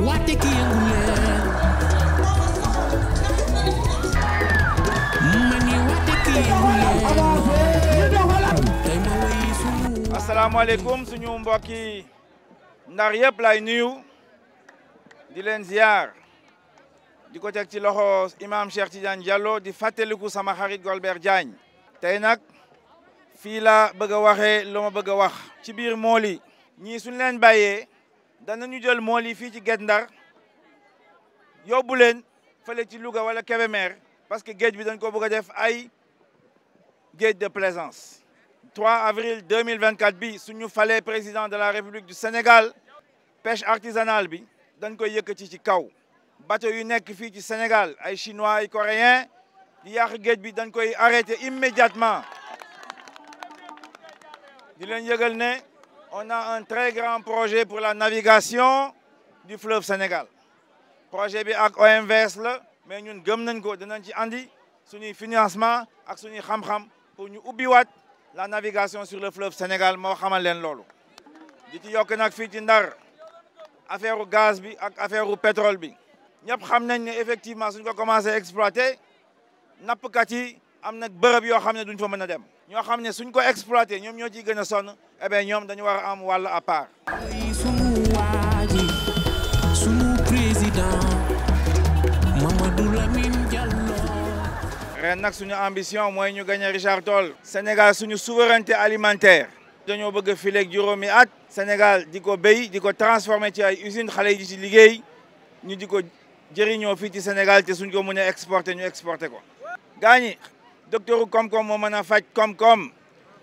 wàcce ci yëngu leen ma suñu mbokk yi Ndar yépp lay nuyu di leen ziar di ko teg ci loxo imam Cheikh Tidiane Diallo di fàttaliku sama xarit Golbert Diagne tey nag fii la bëgg a waxee lu bëgg a wax ci biir mool yi ñii suñ leen bàyyee danañu jël mool yi fii ci Guet Ndar yóbbu leen fële ci Louga wala Kébémer parce que géej bi dañ ko bëgg def ay géej de plaisance 3 avril 2024 bi suñu falee président de la République du Sénégal pêche artisanale bi dañ koy yëkkati ci kaw bateau yu nekk fii ci Sénégal ay chinois ay coréens di yàq géej bi dañ koy arrêter immédiatement di leen yëgal né on a un très grand projet pour la navigation du fleuve Sénégal projet bi ak OMVS la mais ñun gëm nañ ko ci andi financement ak xam pour ñu la navigation sur le fleuve Sénégal mo xamal len pour di ci yok gaz bi ak pétrole bi xam nañ effectivement ko am nag bërëb Nous duñ fa mëna dem ñoo suñ ko exploiter eh bien ñom dañu à part. Nous ren suñu ambition moy ñu gagner Richard Toll. Sénégal suñu souveraineté alimentaire. Nous bëgg filé ak Sénégal diko ko diko transformer ci ay usine xalé ji ci liggéey ñu diko jëriño Sénégal té suñ ko mëna exporter ñu docteur koom-koom moo mën a faj koom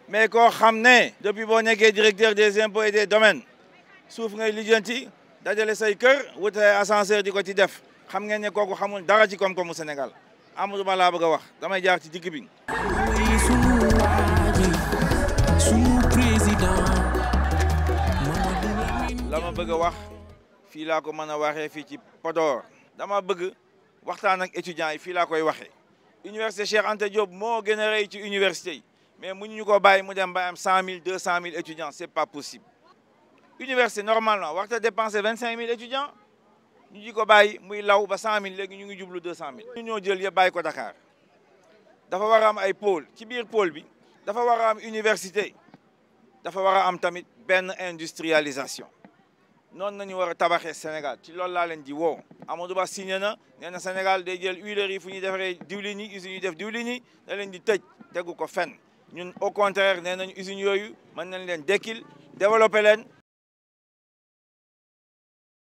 mais ko xamné depuis boo nekkee directeur des impôts et des domaines suuf ngay lijjanti dajale say kër wuté ascenseur diko ci def xam ngeen ne koku xamul dara ci koom au Sénégal Amadou bala bëgg wax damay jaar ci digg lama bëgg wax fi la ko mëna waxé fi ci Podor dama bëgg waxtaan ak étudiant yi fii laa koy waxé L'université cher Ante Diop généré mais mënu ñu ko bay 100 000 200 000 étudiants Ce n'est pas possible université normalement tu dépenses 25 000 étudiants nous di ko bay muy 100 000 légui 200 000 Nous ñoo jël ye bay ko qui dafa wara am ay pôle pôle université dafa tamit industrialisation noonu nañu war a tabaxee Sénégal ci loolu laa leen di woo Amadou Ba signé na nee na Sénégal day jël huileries yi fu ñuy defaree diwlin yi usines yi def diwlin yi da leen di tëj tegu ko fenn ñun au contraire nee nañu usines yooyu mën nañ leen dekkil développé leen